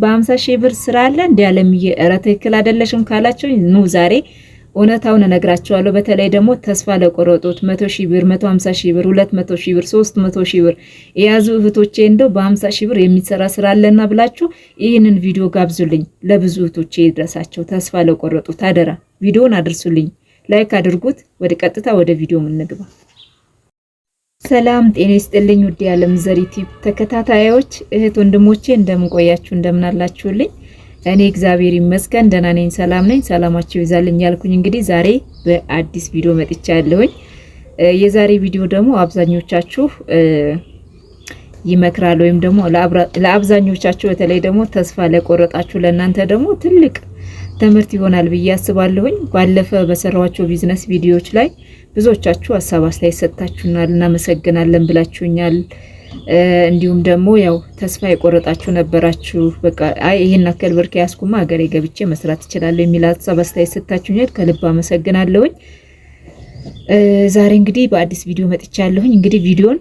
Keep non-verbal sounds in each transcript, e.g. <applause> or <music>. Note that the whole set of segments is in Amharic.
በአምሳ ሺህ ብር ስራ አለ እንዲ አለምዬ፣ ኧረ ትክክል አይደለሽም ካላቸው ኑ ዛሬ እውነታውን እነግራቸዋለሁ። በተለይ ደግሞ ተስፋ ለቆረጡት መቶ ሺህ ብር፣ መቶ ሀምሳ ሺህ ብር፣ ሁለት መቶ ሺህ ብር፣ ሶስት መቶ ሺህ ብር የያዙ እህቶቼ እንደው በሀምሳ ሺህ ብር የሚሰራ ስራ አለና ብላችሁ ይህንን ቪዲዮ ጋብዙልኝ፣ ለብዙ እህቶቼ ይድረሳቸው። ተስፋ ለቆረጡት አደራ ቪዲዮን አድርሱልኝ፣ ላይክ አድርጉት። ወደ ቀጥታ ወደ ቪዲዮ ምንግባ። ሰላም ጤና ይስጥልኝ። ውድ የዓለም ዘር ዩቲዩብ ተከታታዮች እህት ወንድሞቼ እንደምንቆያችሁ እንደምናላችሁልኝ፣ እኔ እግዚአብሔር ይመስገን ደህና ነኝ፣ ሰላም ነኝ። ሰላማችሁ ይዛልኝ ያልኩኝ እንግዲህ ዛሬ በአዲስ ቪዲዮ መጥቻ ያለሁኝ። የዛሬ ቪዲዮ ደግሞ አብዛኞቻችሁ ይመክራል ወይም ደግሞ ለአብዛኞቻችሁ በተለይ ደግሞ ተስፋ ለቆረጣችሁ ለእናንተ ደግሞ ትልቅ ትምህርት ይሆናል ብዬ አስባለሁኝ። ባለፈ በሰራኋቸው ቢዝነስ ቪዲዮዎች ላይ ብዙዎቻችሁ ሀሳብ አስተያየት ሰጥታችሁናል፣ እናመሰግናለን ብላችሁኛል። እንዲሁም ደግሞ ያው ተስፋ የቆረጣችሁ ነበራችሁ። በቃ አይ ይሄን አከል ብር ከያዝኩማ ሀገሬ ገብቼ መስራት እችላለሁ የሚል ሀሳብ አስተያየት ሰጥታችሁኛል። ከልብ አመሰግናለሁኝ። ዛሬ እንግዲህ በአዲስ ቪዲዮ መጥቻለሁኝ። እንግዲህ ቪዲዮን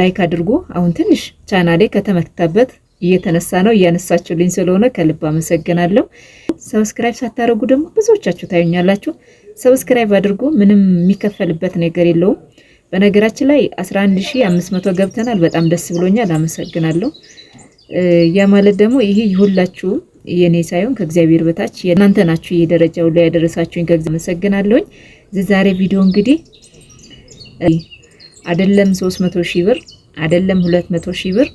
ላይክ አድርጎ አሁን ትንሽ ቻናሌ ከተመታበት እየተነሳ ነው እያነሳችሁልኝ ስለሆነ ከልብ አመሰግናለሁ። ሰብስክራይብ ሳታደርጉ ደግሞ ብዙዎቻችሁ ታዩኛላችሁ። ሰብስክራይብ አድርጉ። ምንም የሚከፈልበት ነገር የለውም። በነገራችን ላይ 11500 ገብተናል። በጣም ደስ ብሎኛል። አመሰግናለሁ። ያ ማለት ደግሞ ይሄ ይሁላችሁ የኔ ሳይሆን ከእግዚአብሔር በታች የእናንተ ናችሁ ይሄ ደረጃው ላይ ያደረሳችሁኝ። ከእግዚአብሔር አመሰግናለሁኝ። ዛሬ ቪዲዮ እንግዲህ አይደለም 300 ሺህ ብር አይደለም 200 ሺህ ብር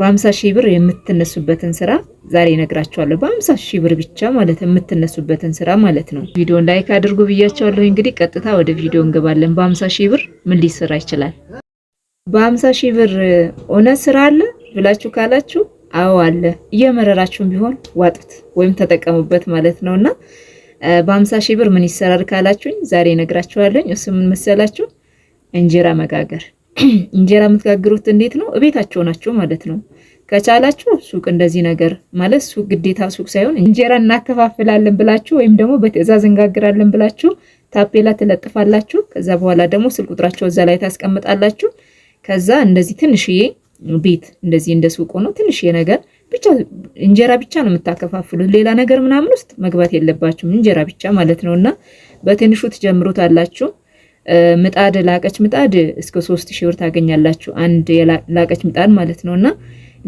በአምሳ ሺህ ብር የምትነሱበትን ስራ ዛሬ እነግራችኋለሁ በአምሳ ሺህ ብር ብቻ ማለት የምትነሱበትን ስራ ማለት ነው። ቪዲዮን ላይክ አድርጉ ብያቸዋለሁ። እንግዲህ ቀጥታ ወደ ቪዲዮ እንገባለን በአምሳ ሺህ ብር ምን ሊሰራ ይችላል? በአምሳ ሺህ ብር ሆነ ስራ አለ ብላችሁ ካላችሁ አዎ አለ። እየመረራችሁም ቢሆን ዋጡት ወይም ተጠቀሙበት ማለት ነው እና በአምሳ ሺህ ብር ምን ይሰራል ካላችሁኝ ዛሬ እነግራችኋለሁ። እሱ ምን መሰላችሁ? እንጀራ መጋገር <clears throat> እንጀራ የምትጋግሩት እንዴት ነው? እቤታቸው ናቸው ማለት ነው። ከቻላችሁ ሱቅ እንደዚህ ነገር ማለት ሱቅ ግዴታ ሱቅ ሳይሆን እንጀራ እናከፋፍላለን ብላችሁ ወይም ደግሞ በትዕዛዝ እንጋግራለን ብላችሁ ታፔላ ትለጥፋላችሁ። ከዛ በኋላ ደግሞ ስልክ ቁጥራቸው እዛ ላይ ታስቀምጣላችሁ። ከዛ እንደዚህ ትንሽዬ ቤት እንደዚህ እንደ ሱቅ ሆኖ ትንሽዬ ነገር ብቻ እንጀራ ብቻ ነው የምታከፋፍሉት። ሌላ ነገር ምናምን ውስጥ መግባት የለባችሁም። እንጀራ ብቻ ማለት ነው እና በትንሹ ትጀምሩታላችሁ። ምጣድ ላቀች ምጣድ እስከ 3000 ብር ታገኛላችሁ። አንድ ላቀች ምጣድ ማለት ነውና፣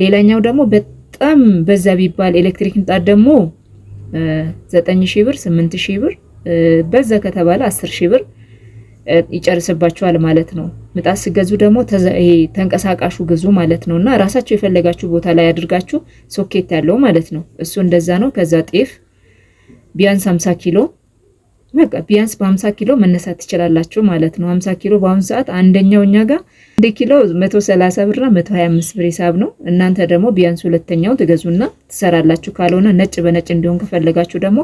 ሌላኛው ደግሞ በጣም በዛ ቢባል ኤሌክትሪክ ምጣድ ደግሞ 9000 ብር፣ 8000 ብር በዛ ከተባለ 10000 ብር ይጨርስባችኋል ማለት ነው። ምጣድ ስገዙ ደግሞ ይሄ ተንቀሳቃሹ ግዙ ማለት ነውና ራሳችሁ የፈለጋችሁ ቦታ ላይ አድርጋችሁ ሶኬት ያለው ማለት ነው። እሱ እንደዛ ነው። ከዛ ጤፍ ቢያንስ 50 ኪሎ በቃ ቢያንስ በ50 ኪሎ መነሳት ትችላላችሁ ማለት ነው። 50 ኪሎ በአሁኑ ሰዓት አንደኛው እኛ ጋር አንድ ኪሎ 130 ብር እና 125 ብር ሂሳብ ነው። እናንተ ደግሞ ቢያንስ ሁለተኛው ትገዙና ትሰራላችሁ። ካልሆነ ነጭ በነጭ እንዲሆን ከፈለጋችሁ ደግሞ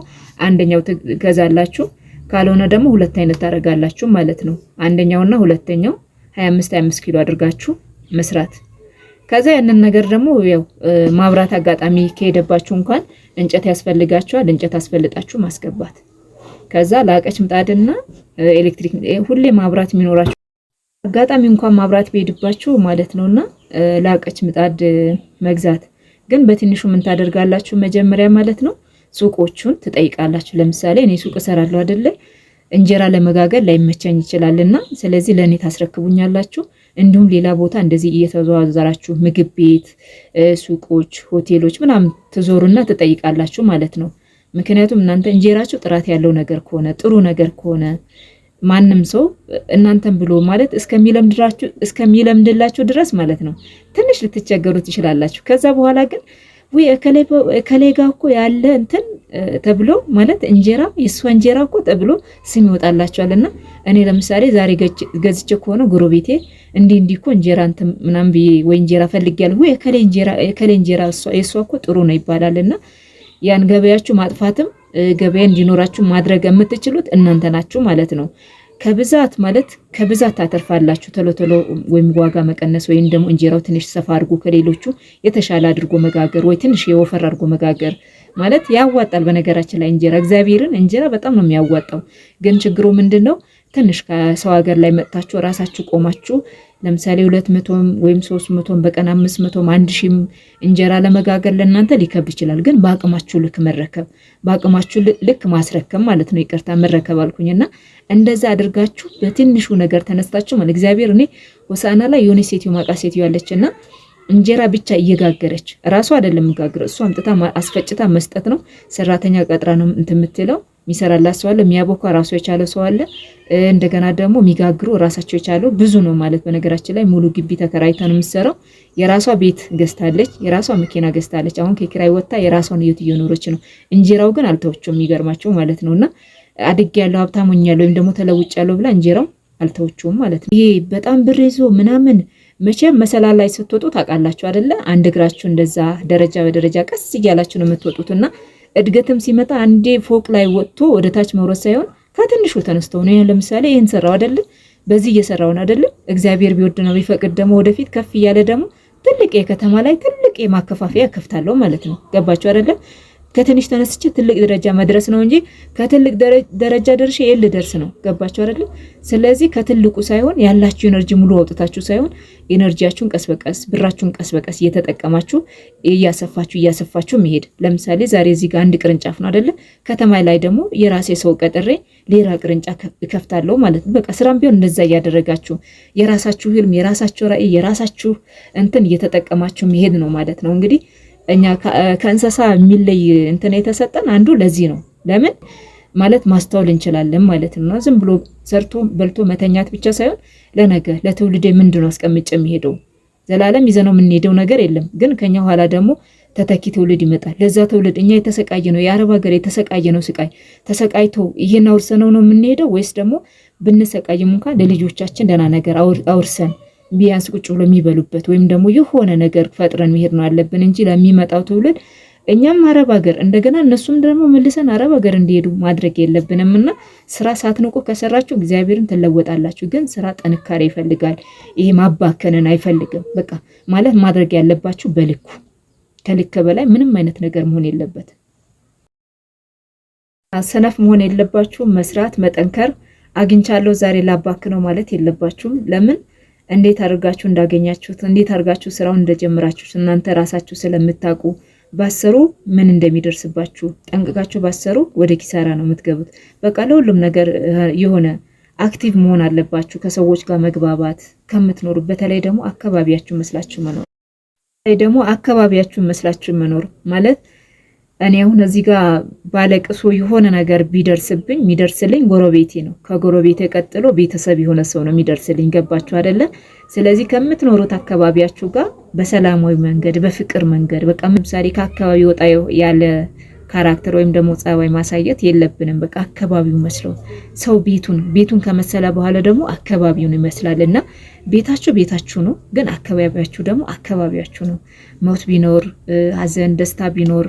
አንደኛው ትገዛላችሁ። ካልሆነ ደግሞ ሁለት አይነት ታደርጋላችሁ ማለት ነው። አንደኛውና ሁለተኛው 25 25 ኪሎ አድርጋችሁ መስራት ከዛ ያንን ነገር ደግሞ ያው ማብራት አጋጣሚ ከሄደባችሁ እንኳን እንጨት ያስፈልጋችኋል። እንጨት አስፈልጣችሁ ማስገባት። ከዛ ላቀች ምጣድና ኤሌክትሪክ ሁሌ ማብራት የሚኖራቸው አጋጣሚ እንኳን ማብራት ቢሄድባችሁ ማለት ነውና ላቀች ምጣድ መግዛት ግን በትንሹ ምን ታደርጋላችሁ? መጀመሪያ ማለት ነው ሱቆቹን ትጠይቃላችሁ። ለምሳሌ እኔ ሱቅ እሰራለሁ አደለ እንጀራ ለመጋገር ላይመቸኝ ይችላልና ስለዚህ ለእኔ ታስረክቡኛላችሁ። እንዲሁም ሌላ ቦታ እንደዚህ እየተዘዋዘራችሁ ምግብ ቤት፣ ሱቆች፣ ሆቴሎች ምናምን ትዞሩና ትጠይቃላችሁ ማለት ነው። ምክንያቱም እናንተ እንጀራችሁ ጥራት ያለው ነገር ከሆነ ጥሩ ነገር ከሆነ ማንም ሰው እናንተን ብሎ ማለት እስከሚለምድላችሁ ድረስ ማለት ነው ትንሽ ልትቸገሩ ትችላላችሁ። ከዛ በኋላ ግን ውይ ከላይ ጋ እኮ ያለ እንትን ተብሎ ማለት እንጀራ የእሷ እንጀራ እኮ ተብሎ ስም ይወጣላቸዋል። እና እኔ ለምሳሌ ዛሬ ገዝቼ ከሆነ ጎረቤቴ እንዲህ እንዲህ እኮ እንጀራ እንትን ምናምን ብዬ ወይ እንጀራ ፈልጌያለሁ ወይ ከላይ እንጀራ የእሷ እኮ ጥሩ ነው ይባላል እና ያን ገበያችሁ ማጥፋትም ገበያ እንዲኖራችሁ ማድረግ የምትችሉት እናንተ ናችሁ ማለት ነው። ከብዛት ማለት ከብዛት ታተርፋላችሁ። ቶሎ ቶሎ ወይም ዋጋ መቀነስ ወይም ደግሞ እንጀራው ትንሽ ሰፋ አድርጎ ከሌሎቹ የተሻለ አድርጎ መጋገር ወይ ትንሽ የወፈር አድርጎ መጋገር ማለት ያዋጣል። በነገራችን ላይ እንጀራ እግዚአብሔርን እንጀራ በጣም ነው የሚያዋጣው። ግን ችግሩ ምንድን ነው? ትንሽ ከሰው ሀገር ላይ መጥታችሁ ራሳችሁ ቆማችሁ ለምሳሌ ሁለት መቶም ወይም ሶስት መቶም በቀን አምስት መቶም አንድ ሺህም እንጀራ ለመጋገር ለእናንተ ሊከብድ ይችላል። ግን በአቅማችሁ ልክ መረከብ በአቅማችሁ ልክ ማስረከብ ማለት ነው። ይቅርታ መረከብ እና እንደዛ አድርጋችሁ በትንሹ ነገር ተነስታችሁ ማለት እግዚአብሔር እኔ ሆሳዕና ላይ የሆነ ሴትዮ ማቃ ሴትዮ ያለች እና እንጀራ ብቻ እየጋገረች ራሱ አይደለም ጋግረ እሱ አምጥታ አስፈጭታ መስጠት ነው። ሰራተኛ ቀጥራ ነው እንትን የምትለው የሚሰራላት ሰው አለ፣ የሚያቦካ ራሱ የቻለ ሰው አለ። እንደገና ደግሞ የሚጋግሩ ራሳቸው የቻለው ብዙ ነው ማለት። በነገራችን ላይ ሙሉ ግቢ ተከራይታ ነው የምትሰራው። የራሷ ቤት ገዝታለች፣ የራሷ መኪና ገዝታለች። አሁን ከኪራይ ወጥታ የራሷን ህይወት እየኖረች ነው። እንጀራው ግን አልተወችም፣ የሚገርማቸው ማለት ነው። እና አድግ ያለው ሀብታም ሆኛለሁ ወይም ደግሞ ተለውጭ ያለው ብላ እንጀራው አልተወችውም ማለት ነው። ይሄ በጣም ብር ይዞ ምናምን መቼም መሰላል ላይ ስትወጡ ታውቃላችሁ አደለ? አንድ እግራችሁ እንደዛ ደረጃ በደረጃ ቀስ እያላችሁ ነው የምትወጡትና እድገትም ሲመጣ አንዴ ፎቅ ላይ ወጥቶ ወደ ታች መውረድ ሳይሆን ከትንሹ ተነስተው ነው። ይህን ለምሳሌ ይህን ሰራው አይደለም። በዚህ እየሰራውን አይደለም። እግዚአብሔር ነው ቢፈቅድ ደግሞ ወደፊት ከፍ እያለ ደግሞ ትልቅ የከተማ ላይ ትልቅ የማከፋፈያ ከፍታለሁ ማለት ነው። ገባችሁ አይደለም? ከትንሽ ተነስቼ ትልቅ ደረጃ መድረስ ነው እንጂ ከትልቅ ደረጃ ደርሼ የል ደርስ ነው? ገባችሁ አይደለም? ስለዚህ ከትልቁ ሳይሆን ያላችሁ ኤነርጂ ሙሉ አውጥታችሁ ሳይሆን ኤነርጂያችሁን ቀስ በቀስ ብራችሁን ቀስ በቀስ እየተጠቀማችሁ እያሰፋችሁ እያሰፋችሁ መሄድ። ለምሳሌ ዛሬ እዚህ ጋር አንድ ቅርንጫፍ ነው አይደለ? ከተማ ላይ ደግሞ የራሴ ሰው ቀጥሬ ሌላ ቅርንጫፍ እከፍታለሁ ማለት ነው። በቃ ስራም ቢሆን እንደዛ እያደረጋችሁ የራሳችሁ ህልም፣ የራሳችሁ ራዕይ፣ የራሳችሁ እንትን እየተጠቀማችሁ መሄድ ነው ማለት ነው እንግዲህ እኛ ከእንስሳ የሚለይ እንትን የተሰጠን አንዱ ለዚህ ነው። ለምን ማለት ማስተዋል እንችላለን ማለት ነው። ዝም ብሎ ሰርቶ በልቶ መተኛት ብቻ ሳይሆን ለነገ ለትውልድ ምንድነው አስቀምጬ የሚሄደው ዘላለም ይዘነው የምንሄደው ነገር የለም። ግን ከኛ ኋላ ደግሞ ተተኪ ትውልድ ይመጣል። ለዛ ትውልድ እኛ የተሰቃየ ነው የአረብ ሀገር የተሰቃየ ነው ስቃይ ተሰቃይቶ ይህን አውርሰነው ነው የምንሄደው ወይስ ደግሞ ብንሰቃይም እንኳን ለልጆቻችን ደህና ነገር አውርሰን ቢያንስ ቁጭ ብሎ የሚበሉበት ወይም ደግሞ የሆነ ነገር ፈጥረን መሄድ ነው ያለብን እንጂ ለሚመጣው ትውልድ እኛም አረብ ሀገር እንደገና እነሱም ደግሞ መልሰን አረብ ሀገር እንዲሄዱ ማድረግ የለብንም እና ስራ ሳትንቁ ከሰራችሁ እግዚአብሔርን ትለወጣላችሁ። ግን ስራ ጥንካሬ ይፈልጋል። ይሄ ማባከንን አይፈልግም። በቃ ማለት ማድረግ ያለባችሁ በልኩ ከልክ በላይ ምንም አይነት ነገር መሆን የለበት? ሰነፍ መሆን የለባችሁም። መስራት፣ መጠንከር አግኝቻለሁ ዛሬ ላባክነው ማለት የለባችሁም። ለምን እንዴት አድርጋችሁ እንዳገኛችሁት እንዴት አድርጋችሁ ስራውን እንደጀመራችሁ እናንተ ራሳችሁ ስለምታውቁ ባሰሩ ምን እንደሚደርስባችሁ ጠንቅቃችሁ ባሰሩ ወደ ኪሳራ ነው የምትገቡት። በቃ ለሁሉም ነገር የሆነ አክቲቭ መሆን አለባችሁ። ከሰዎች ጋር መግባባት ከምትኖሩ በተለይ ደግሞ አካባቢያችሁ መስላችሁ መኖር በተለይ ደግሞ አካባቢያችሁ መስላችሁ መኖር ማለት እኔ አሁን እዚህ ጋር ባለቅሶ የሆነ ነገር ቢደርስብኝ የሚደርስልኝ ጎረቤቴ ነው። ከጎረቤቴ ቀጥሎ ቤተሰብ የሆነ ሰው ነው የሚደርስልኝ። ገባችሁ አደለ? ስለዚህ ከምትኖሩት አካባቢያችሁ ጋር በሰላማዊ መንገድ በፍቅር መንገድ በቃ ምሳሌ ከአካባቢ ወጣ ያለ ካራክተር ወይም ደግሞ ጸባይ ማሳየት የለብንም። በቃ አካባቢው መስለው ሰው ቤቱን ቤቱን ከመሰለ በኋላ ደግሞ አካባቢውን ይመስላል እና ቤታችሁ ቤታችሁ ነው፣ ግን አካባቢያችሁ ደግሞ አካባቢያችሁ ነው። ሞት ቢኖር ሀዘን ደስታ ቢኖር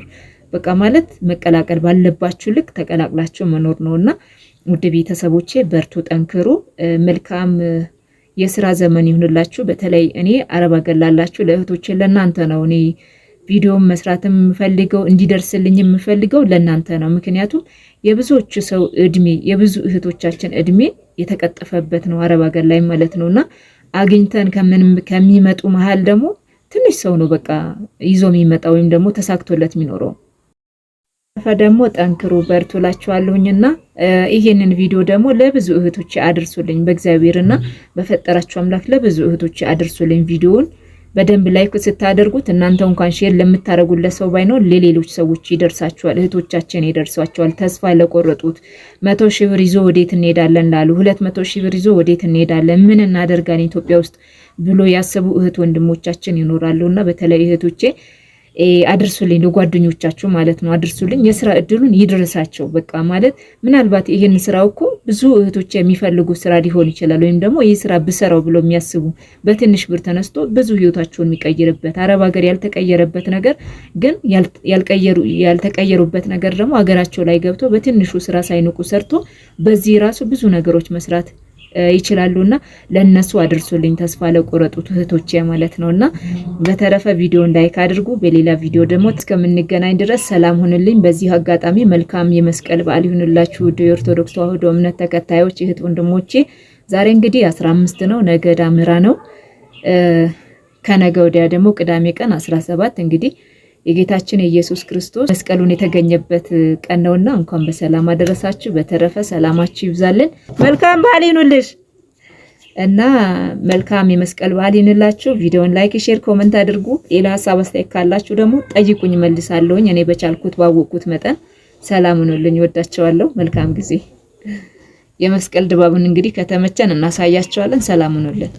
በቃ ማለት መቀላቀል ባለባችሁ ልክ ተቀላቅላችሁ መኖር ነው እና ውድ ቤተሰቦቼ በርቱ፣ ጠንክሩ። መልካም የስራ ዘመን ይሁንላችሁ። በተለይ እኔ አረብ አገር ላላችሁ ለእህቶቼ ለእናንተ ነው እኔ ቪዲዮም መስራት የምፈልገው እንዲደርስልኝ የምፈልገው ለእናንተ ነው። ምክንያቱም የብዙዎቹ ሰው እድሜ የብዙ እህቶቻችን እድሜ የተቀጠፈበት ነው አረብ አገር ላይ ማለት ነው እና አግኝተን ከሚመጡ መሀል ደግሞ ትንሽ ሰው ነው በቃ ይዞ የሚመጣ ወይም ደግሞ ተሳክቶለት የሚኖረው ደግሞ ጠንክሩ በርቱ ላችኋለሁኝና ይሄንን ቪዲዮ ደግሞ ለብዙ እህቶች አድርሱልኝ። በእግዚአብሔርና በፈጠራችሁ አምላክ ለብዙ እህቶች አድርሱልኝ ቪዲዮውን በደንብ ላይክ ስታደርጉት እናንተ እንኳን ሼር ለምታደርጉለት ለሰው ባይኖር ለሌሎች ሰዎች ይደርሳቸዋል፣ እህቶቻችን ይደርሷቸዋል። ተስፋ ለቆረጡት መቶ ሺህ ብር ይዞ ወዴት እንሄዳለን ላሉ ሁለት መቶ ሺህ ብር ይዞ ወዴት እንሄዳለን ምን እናደርጋለን ኢትዮጵያ ውስጥ ብሎ ያሰቡ እህት ወንድሞቻችን ይኖራሉና በተለይ እህቶቼ አድርሱልኝ፣ ለጓደኞቻችሁ ማለት ነው አድርሱልኝ፣ የስራ እድሉን ይድረሳቸው። በቃ ማለት ምናልባት ይህን ስራ እኮ ብዙ እህቶች የሚፈልጉ ስራ ሊሆን ይችላል። ወይም ደግሞ ይህ ስራ ብሰራው ብሎ የሚያስቡ በትንሽ ብር ተነስቶ ብዙ ህይወታቸውን የሚቀይርበት አረብ ሀገር ያልተቀየረበት ነገር ግን ያልተቀየሩበት ነገር ደግሞ ሀገራቸው ላይ ገብቶ በትንሹ ስራ ሳይንቁ ሰርቶ በዚህ ራሱ ብዙ ነገሮች መስራት እና ለእነሱ አድርሱልኝ። ተስፋ ለቆረጡት እህቶቼ ማለት ነውና በተረፈ ቪዲዮን ላይክ አድርጉ። በሌላ ቪዲዮ ደግሞ እስከምንገናኝ ድረስ ሰላም ሁንልኝ። በዚህ አጋጣሚ መልካም የመስቀል በዓል ይሁንላችሁ። ውድ የኦርቶዶክስ ተዋህዶ እምነት ተከታዮች እህት ወንድሞቼ ዛሬ እንግዲህ 15 ነው፣ ነገ ዳምራ ነው። ከነገ ወዲያ ደግሞ ቅዳሜ ቀን 17 እንግዲህ የጌታችን የኢየሱስ ክርስቶስ መስቀሉን የተገኘበት ቀን ነውና እንኳን በሰላም አደረሳችሁ። በተረፈ ሰላማችሁ ይብዛልን። መልካም በዓል ይኑልሽ እና መልካም የመስቀል በዓል ይንላችሁ። ቪዲዮን ላይክ፣ ሼር፣ ኮመንት አድርጉ። ሌላ ሀሳብ አስተያየት ካላችሁ ደግሞ ጠይቁኝ፣ መልሳለሁኝ። እኔ በቻልኩት ባወቅኩት መጠን ሰላም ሁኑልኝ። ወዳቸዋለሁ። መልካም ጊዜ። የመስቀል ድባብን እንግዲህ ከተመቸን እናሳያቸዋለን። ሰላም ሁኑልን።